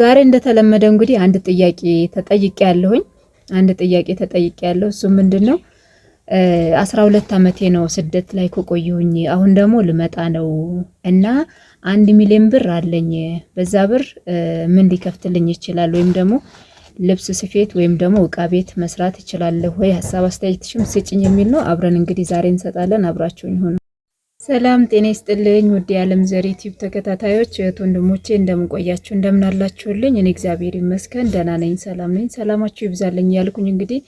ዛሬ እንደተለመደ እንግዲህ አንድ ጥያቄ ተጠይቄ ያለሁኝ አንድ ጥያቄ ተጠይቄ ያለሁ እሱ ምንድን ነው? አስራ ሁለት አመቴ ነው ስደት ላይ ከቆየሁኝ አሁን ደግሞ ልመጣ ነው እና አንድ ሚሊዮን ብር አለኝ። በዛ ብር ምን ሊከፍትልኝ ይችላል? ወይም ደግሞ ልብስ ስፌት ወይም ደግሞ እቃ ቤት መስራት እችላለሁ ወይ? ሀሳብ አስተያየትሽም ስጭኝ የሚል ነው። አብረን እንግዲህ ዛሬ እንሰጣለን። አብራችሁኝ ሆኑ። ሰላም ጤና ይስጥልኝ ውድ የዓለም ዘር ዩቲዩብ ተከታታዮች እህት ወንድሞቼ፣ እንደምንቆያችሁ እንደምናላችሁልኝ፣ እኔ እግዚአብሔር ይመስገን ደህና ነኝ፣ ሰላም ነኝ። ሰላማችሁ ይብዛልኝ ያልኩኝ እንግዲህ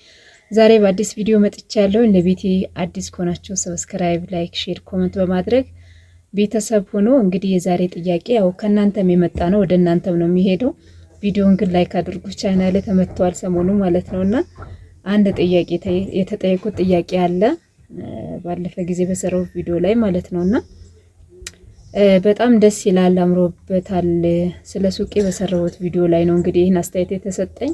ዛሬ በአዲስ ቪዲዮ መጥቻለሁ። ለቤቴ አዲስ ከሆናችሁ ሰብስክራይብ፣ ላይክ፣ ሼር፣ ኮመንት በማድረግ ቤተሰብ ሆኖ እንግዲህ የዛሬ ጥያቄ ያው ከእናንተም የመጣ ነው፣ ወደ እናንተም ነው የሚሄደው። ቪዲዮን ግን ላይክ አድርጉ። ቻናሌ ተመትተዋል ሰሞኑ ማለት እና አንድ ጥያቄ የተጠየቁት ጥያቄ አለ ባለፈ ጊዜ በሰራው ቪዲዮ ላይ ማለት ነው እና በጣም ደስ ይላል፣ አምሮበታል። ስለ ሱቄ በሰራሁት ቪዲዮ ላይ ነው እንግዲህ ይህን አስተያየት የተሰጠኝ።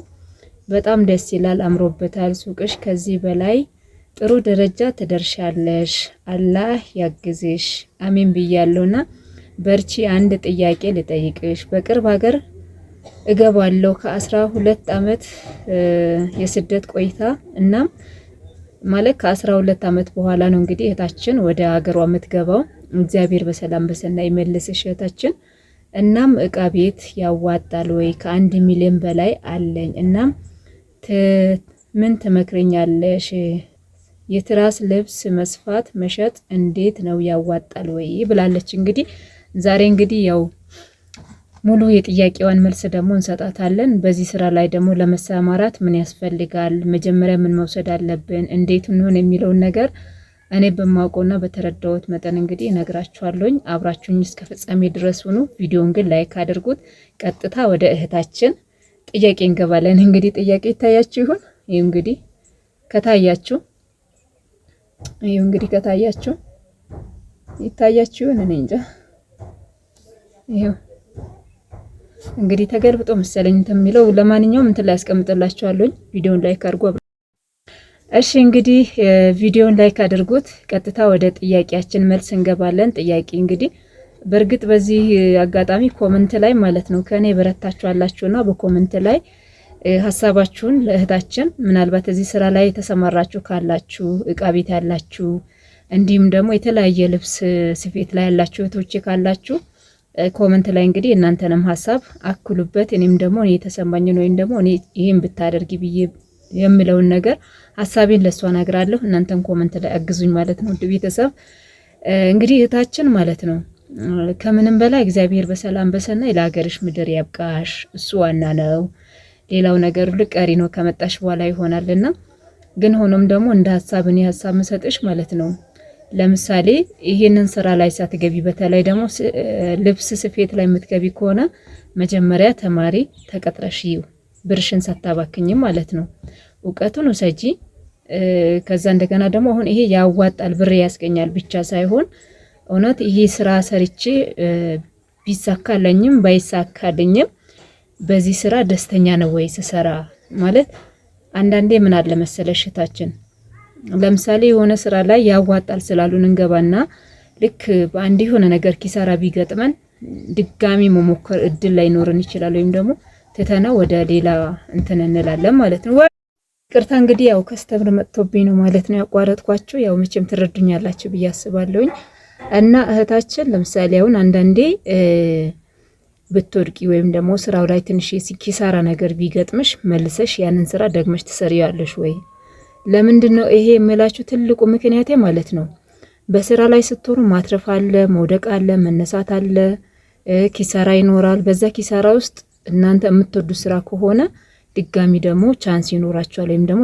በጣም ደስ ይላል፣ አምሮበታል ሱቅሽ። ከዚህ በላይ ጥሩ ደረጃ ትደርሻለሽ፣ አላህ ያግዝሽ፣ አሜን ብያለሁና በርቺ። አንድ ጥያቄ ልጠይቅሽ። በቅርብ ሀገር እገባለሁ ከአስራ ሁለት አመት የስደት ቆይታ እናም ማለት ከአስራ ሁለት ዓመት በኋላ ነው እንግዲህ እህታችን ወደ ሀገሯ የምትገባው። እግዚአብሔር በሰላም በሰና ይመልስሽ እህታችን። እናም እቃ ቤት ያዋጣል ወይ? ከአንድ ሚሊዮን በላይ አለኝ። እናም ምን ትመክረኛለሽ? የትራስ ልብስ መስፋት መሸጥ እንዴት ነው ያዋጣል ወይ ብላለች። እንግዲህ ዛሬ እንግዲህ ያው ሙሉ የጥያቄዋን መልስ ደግሞ እንሰጣታለን። በዚህ ስራ ላይ ደግሞ ለመሰማራት ምን ያስፈልጋል፣ መጀመሪያ ምን መውሰድ አለብን፣ እንዴት እንሆን የሚለውን ነገር እኔ በማውቀውና በተረዳሁት መጠን እንግዲህ እነግራችኋለሁኝ። አብራችሁኝ እስከ ፍጻሜ ድረስ ሁኑ። ቪዲዮውን ግን ላይክ አድርጉት። ቀጥታ ወደ እህታችን ጥያቄ እንገባለን። እንግዲህ ጥያቄ ይታያችሁ ይሁን? ይህ እንግዲህ ከታያችሁ ይህ እንግዲህ ከታያችሁ ይታያችሁ ይሁን? እኔ እንጃ ይኸው እንግዲህ ተገልብጦ መሰለኝ የሚለው ለማንኛውም እንትን ላይ ያስቀምጥላችኋለሁኝ። ቪዲዮን ላይክ አድርጎ እሺ እንግዲህ ቪዲዮን ላይክ አድርጉት። ቀጥታ ወደ ጥያቄያችን መልስ እንገባለን። ጥያቄ እንግዲህ በእርግጥ በዚህ አጋጣሚ ኮመንት ላይ ማለት ነው ከእኔ በረታችኋላችሁና በኮመንት ላይ ሀሳባችሁን ለእህታችን ምናልባት እዚህ ስራ ላይ የተሰማራችሁ ካላችሁ እቃ ቤት ያላችሁ እንዲሁም ደግሞ የተለያየ ልብስ ስፌት ላይ ያላችሁ እህቶቼ ካላችሁ ኮመንት ላይ እንግዲህ እናንተንም ሀሳብ አክሉበት። እኔም ደግሞ እኔ የተሰማኝን ወይም ደግሞ እኔ ይህን ብታደርጊ ብዬ የምለውን ነገር ሀሳቤን ለእሷ ነግራለሁ። እናንተን ኮመንት ላይ አግዙኝ ማለት ነው። ውድ ቤተሰብ እንግዲህ እህታችን ማለት ነው ከምንም በላይ እግዚአብሔር በሰላም በሰናይ ለሀገርሽ ምድር ያብቃሽ። እሱ ዋና ነው። ሌላው ነገር ሁሉ ቀሪ ነው፣ ከመጣሽ በኋላ ይሆናልና ግን ሆኖም ደግሞ እንደ ሀሳብ እኔ ሀሳብ ምሰጥሽ ማለት ነው ለምሳሌ ይሄንን ስራ ላይ ሳትገቢ በተለይ ደግሞ ልብስ ስፌት ላይ የምትገቢ ከሆነ መጀመሪያ ተማሪ ተቀጥረሽ ይው ብርሽን ሳታባክኝ ማለት ነው። እውቀቱን ውሰጂ። ከዛ እንደገና ደግሞ አሁን ይሄ ያዋጣል ብር ያስገኛል ብቻ ሳይሆን እውነት ይሄ ስራ ሰርቼ ቢሳካለኝም ባይሳካልኝም በዚህ ስራ ደስተኛ ነው ወይ ስሰራ ማለት አንዳንዴ ምን አለ መሰለሽታችን ለምሳሌ የሆነ ስራ ላይ ያዋጣል ስላሉን እንገባና ልክ በአንድ የሆነ ነገር ኪሳራ ቢገጥመን ድጋሚ መሞከር እድል ላይኖረን ይችላል። ወይም ደግሞ ትተነው ወደ ሌላ እንትን እንላለን ማለት ነው። ቅርታ እንግዲህ ያው ከስተምር መጥቶብኝ ነው ማለት ነው ያቋረጥኳቸው ያው መቼም ትረዱኛላችሁ ብዬ አስባለሁኝ። እና እህታችን ለምሳሌ አሁን አንዳንዴ ብትወድቂ ወይም ደግሞ ስራው ላይ ትንሽ ኪሳራ ነገር ቢገጥምሽ መልሰሽ ያንን ስራ ደግመሽ ትሰሪያለሽ ወይ ለምንድን ነው ይሄ የምላችሁ ትልቁ ምክንያቴ ማለት ነው። በስራ ላይ ስትሆኑ ማትረፍ አለ፣ መውደቅ አለ፣ መነሳት አለ፣ ኪሳራ ይኖራል። በዛ ኪሳራ ውስጥ እናንተ የምትወዱ ስራ ከሆነ ድጋሚ ደግሞ ቻንስ ይኖራችኋል ወይም ደግሞ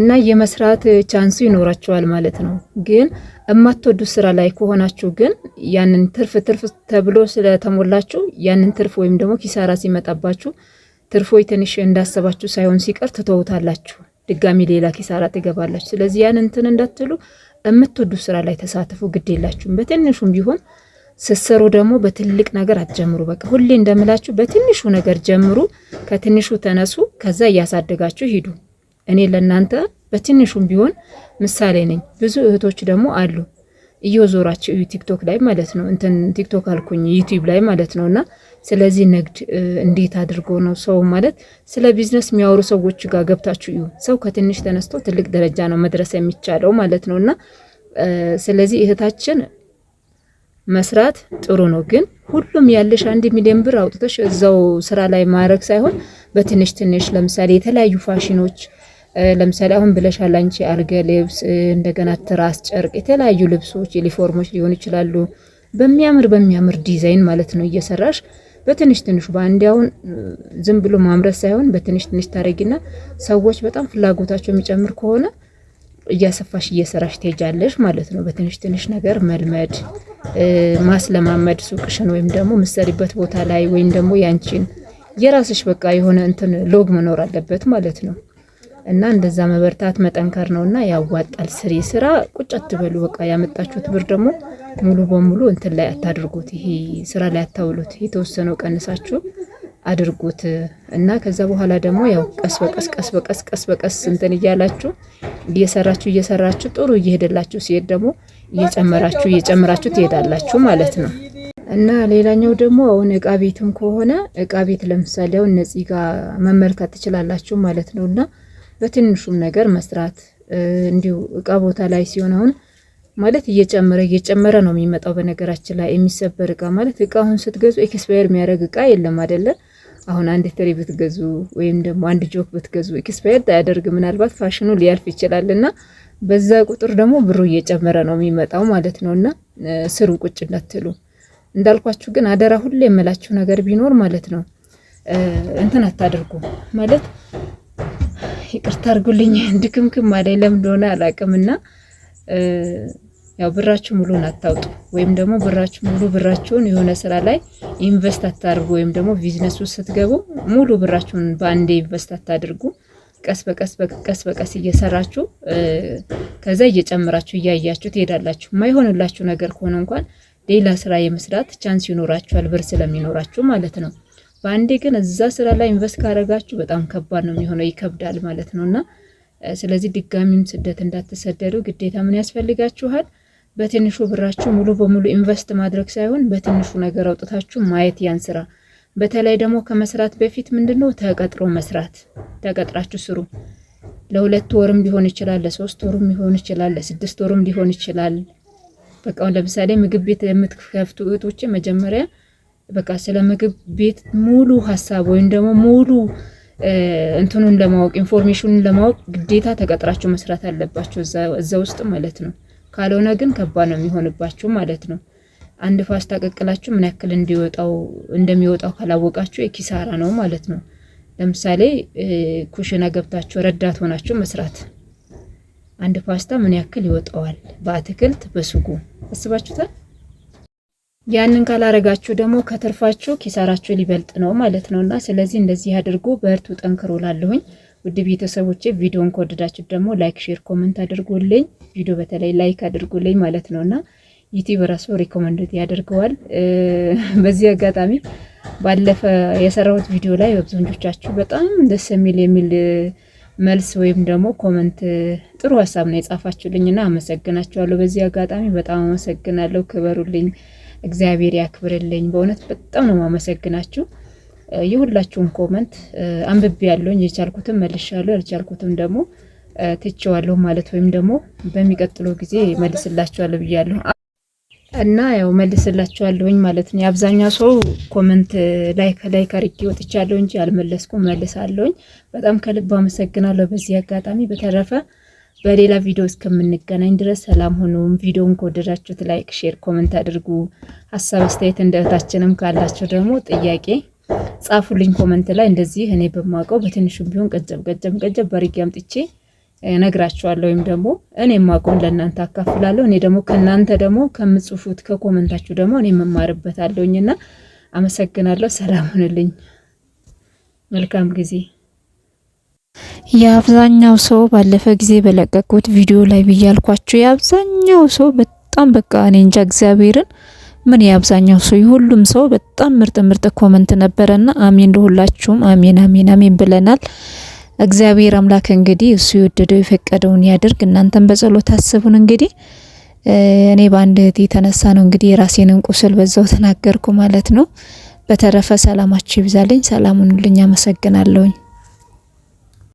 እና የመስራት ቻንሱ ይኖራችኋል ማለት ነው። ግን የማትወዱ ስራ ላይ ከሆናችሁ ግን ያንን ትርፍ ትርፍ ተብሎ ስለተሞላችሁ ያንን ትርፍ ወይም ደግሞ ኪሳራ ሲመጣባችሁ ትርፎ ትንሽ እንዳሰባችሁ ሳይሆን ሲቀር ትተውታላችሁ። ድጋሚ ሌላ ኪሳራ ትገባላችሁ። ስለዚህ ያን እንትን እንዳትሉ፣ እምትወዱ ስራ ላይ ተሳትፉ። ግድ የላችሁም በትንሹም ቢሆን ስሰሩ ደግሞ በትልቅ ነገር አትጀምሩ። በቃ ሁሌ እንደምላችሁ በትንሹ ነገር ጀምሩ፣ ከትንሹ ተነሱ፣ ከዛ እያሳደጋችሁ ሂዱ። እኔ ለእናንተ በትንሹም ቢሆን ምሳሌ ነኝ። ብዙ እህቶች ደግሞ አሉ እየዞራቸው ቲክቶክ ላይ ማለት ነው እንትን ቲክቶክ አልኩኝ ዩቲዩብ ላይ ማለት ነውእና። ስለዚህ ንግድ እንዴት አድርጎ ነው ሰው ማለት ስለ ቢዝነስ የሚያወሩ ሰዎች ጋር ገብታችሁ እዩ። ሰው ከትንሽ ተነስቶ ትልቅ ደረጃ ነው መድረስ የሚቻለው ማለት ነው። እና ስለዚህ እህታችን መስራት ጥሩ ነው፣ ግን ሁሉም ያለሽ አንድ ሚሊዮን ብር አውጥተሽ እዛው ስራ ላይ ማድረግ ሳይሆን በትንሽ ትንሽ ለምሳሌ የተለያዩ ፋሽኖች ለምሳሌ አሁን ብለሻል አንቺ አልጋ ልብስ፣ እንደገና ትራስ፣ ጨርቅ፣ የተለያዩ ልብሶች፣ ዩኒፎርሞች ሊሆኑ ይችላሉ። በሚያምር በሚያምር ዲዛይን ማለት ነው እየሰራሽ በትንሽ ትንሹ ባንዲያውን ዝም ብሎ ማምረት ሳይሆን በትንሽ ትንሽ ታረጊና ሰዎች በጣም ፍላጎታቸው የሚጨምር ከሆነ እያሰፋሽ እየሰራሽ ትሄጃለሽ ማለት ነው። በትንሽ ትንሽ ነገር መልመድ ማስለማመድ ሱቅሽን ወይም ደግሞ ምሰሪበት ቦታ ላይ ወይም ደግሞ ያንቺን የራስሽ በቃ የሆነ እንትን ሎግ መኖር አለበት ማለት ነው። እና እንደዛ መበርታት መጠንከር እና ያዋጣል። ስሪ ስራ ቁጭ አትበሉ። በቃ ያመጣችሁት ብር ደግሞ ሙሉ በሙሉ እንትን ላይ አታድርጉት፣ ይሄ ስራ ላይ አታውሉት። የተወሰነው ቀንሳችሁ አድርጉት እና ከዛ በኋላ ደግሞ ያው ቀስ በቀስ ቀስ በቀስ ቀስ በቀስ እንትን እያላችሁ እየሰራችሁ እየሰራችሁ ጥሩ እየሄደላችሁ ሲሄድ ደግሞ እየጨመራችሁ እየጨመራችሁ ትሄዳላችሁ ማለት ነው። እና ሌላኛው ደግሞ አሁን እቃ ቤትም ከሆነ እቃ ቤት ለምሳሌ አሁን እነዚህ ጋር መመልከት ትችላላችሁ ማለት ነው። እና በትንሹም ነገር መስራት እንዲሁ እቃ ቦታ ላይ ሲሆን አሁን ማለት እየጨመረ እየጨመረ ነው የሚመጣው። በነገራችን ላይ የሚሰበር እቃ ማለት እቃ አሁን ስትገዙ ኤክስፓየር የሚያደርግ እቃ የለም አይደለ? አሁን አንድ ትሪ ብትገዙ ወይም ደግሞ አንድ ጆክ ብትገዙ ኤክስፓየር አያደርግ። ምናልባት ፋሽኑ ሊያልፍ ይችላል እና በዛ ቁጥር ደግሞ ብሩ እየጨመረ ነው የሚመጣው ማለት ነው። እና ስሩ ቁጭ እንዳትሉ እንዳልኳችሁ። ግን አደራ ሁሌ የምላችሁ ነገር ቢኖር ማለት ነው እንትን አታደርጉ ማለት ይቅርታ አድርጉልኝ፣ ድክምክም አደለም እንደሆነ አላውቅምና ያው ብራችሁ ሙሉን አታውጡ፣ ወይም ደግሞ ብራችሁ ሙሉ ብራችሁን የሆነ ስራ ላይ ኢንቨስት አታድርጉ፣ ወይም ደግሞ ቢዝነስ ውስጥ ስትገቡ ሙሉ ብራችሁን በአንዴ ኢንቨስት አታድርጉ። ቀስ በቀስ በቀስ በቀስ እየሰራችሁ ከዛ እየጨመራችሁ እያያችሁ ትሄዳላችሁ። የማይሆንላችሁ ነገር ከሆነ እንኳን ሌላ ስራ የመስራት ቻንስ ይኖራችኋል፣ ብር ስለሚኖራችሁ ማለት ነው። በአንዴ ግን እዛ ስራ ላይ ኢንቨስት ካደረጋችሁ በጣም ከባድ ነው የሚሆነው፣ ይከብዳል ማለት ነው። እና ስለዚህ ድጋሚም ስደት እንዳትሰደዱ ግዴታ ምን ያስፈልጋችኋል? በትንሹ ብራችሁ ሙሉ በሙሉ ኢንቨስት ማድረግ ሳይሆን በትንሹ ነገር አውጥታችሁ ማየት ያን ስራ። በተለይ ደግሞ ከመስራት በፊት ምንድነው ተቀጥሮ መስራት። ተቀጥራችሁ ስሩ። ለሁለት ወርም ሊሆን ይችላል፣ ለሶስት ወርም ሊሆን ይችላል፣ ለስድስት ወርም ሊሆን ይችላል። በቃ ለምሳሌ ምግብ ቤት የምትከፍቱ እህቶች መጀመሪያ በቃ ስለ ምግብ ቤት ሙሉ ሀሳብ ወይም ደግሞ ሙሉ እንትኑን ለማወቅ ኢንፎርሜሽኑን ለማወቅ ግዴታ ተቀጥራችሁ መስራት አለባቸው እዛ ውስጥ ማለት ነው። ካልሆነ ግን ከባድ ነው የሚሆንባችሁ ማለት ነው። አንድ ፓስታ ቀቅላችሁ ምን ያክል እንዲወጣው እንደሚወጣው ካላወቃችሁ የኪሳራ ነው ማለት ነው። ለምሳሌ ኩሽና ገብታችሁ ረዳት ሆናችሁ መስራት አንድ ፓስታ ምን ያክል ይወጣዋል በአትክልት በሱጉ አስባችሁታል? ያንን ካላረጋችሁ ደግሞ ከትርፋችሁ ኪሳራችሁ ሊበልጥ ነው ማለት ነውና፣ ስለዚህ እንደዚህ አድርጎ በእርቱ ጠንክሮ ላለሁኝ ውድ ቤተሰቦቼ ቪዲዮን ከወደዳችሁ ደግሞ ላይክ፣ ሼር፣ ኮመንት አድርጉልኝ። ቪዲዮ በተለይ ላይክ አድርጉልኝ ማለት ነው እና ዩቲብ ራሱ ሪኮመንድ ያደርገዋል። በዚህ አጋጣሚ ባለፈ የሰራሁት ቪዲዮ ላይ አብዛኞቻችሁ በጣም ደስ የሚል የሚል መልስ ወይም ደግሞ ኮመንት ጥሩ ሀሳብ ነው እና አመሰግናችኋለሁ። በዚህ አጋጣሚ በጣም አመሰግናለሁ። ክበሩልኝ፣ እግዚአብሔር ያክብርልኝ። በእውነት በጣም ነው የማመሰግናችሁ። የሁላችሁም ኮመንት አንብቤ ያለውኝ የቻልኩትም መልሻለሁ፣ ያልቻልኩትም ደግሞ ትቼዋለሁ ማለት ወይም ደግሞ በሚቀጥለው ጊዜ መልስላችኋለሁ ብያለሁ እና ያው መልስላችኋለሁኝ ማለት ነው። የአብዛኛው ሰው ኮመንት ላይክ ላይክ አርጌ ወጥቻለሁ እንጂ አልመለስኩም፣ መልሳለሁኝ። በጣም ከልብ አመሰግናለሁ በዚህ አጋጣሚ። በተረፈ በሌላ ቪዲዮ እስከምንገናኝ ድረስ ሰላም ሆኖ ቪዲዮን ከወደዳችሁት ላይክ፣ ሼር፣ ኮመንት አድርጉ። ሀሳብ አስተያየት እንደታችንም ካላችሁ ደግሞ ጥያቄ ጻፉልኝ ኮመንት ላይ እንደዚህ እኔ በማውቀው በትንሹም ቢሆን ቀጨብ ቀጨብ ቀጨብ ባርጌ አምጥቼ ነግራችኋለሁ፣ ወይም ደግሞ እኔ የማውቀውን ለእናንተ አካፍላለሁ። እኔ ደግሞ ከእናንተ ደግሞ ከምጽፉት ከኮመንታችሁ ደግሞ እኔ መማርበታለሁኝና አመሰግናለሁ። ሰላም ሁንልኝ። መልካም ጊዜ። የአብዛኛው ሰው ባለፈ ጊዜ በለቀቁት ቪዲዮ ላይ ብያልኳችሁ የአብዛኛው ሰው በጣም በቃ እኔ እንጃ እግዚአብሔርን ምን የአብዛኛው ሰው የሁሉም ሰው በጣም ምርጥ ምርጥ ኮመንት ነበረና አሜን ለሁላችሁም አሜን አሜን አሜን ብለናል። እግዚአብሔር አምላክ እንግዲህ እሱ የወደደው የፈቀደውን ያድርግ። እናንተም በጸሎት አስቡን። እንግዲህ እኔ በአንድ እህት የተነሳ ነው እንግዲህ የራሴንን ቁስል በዛው ተናገርኩ ማለት ነው። በተረፈ ሰላማችሁ ይብዛልኝ። ሰላሙን ልኝ። አመሰግናለሁኝ።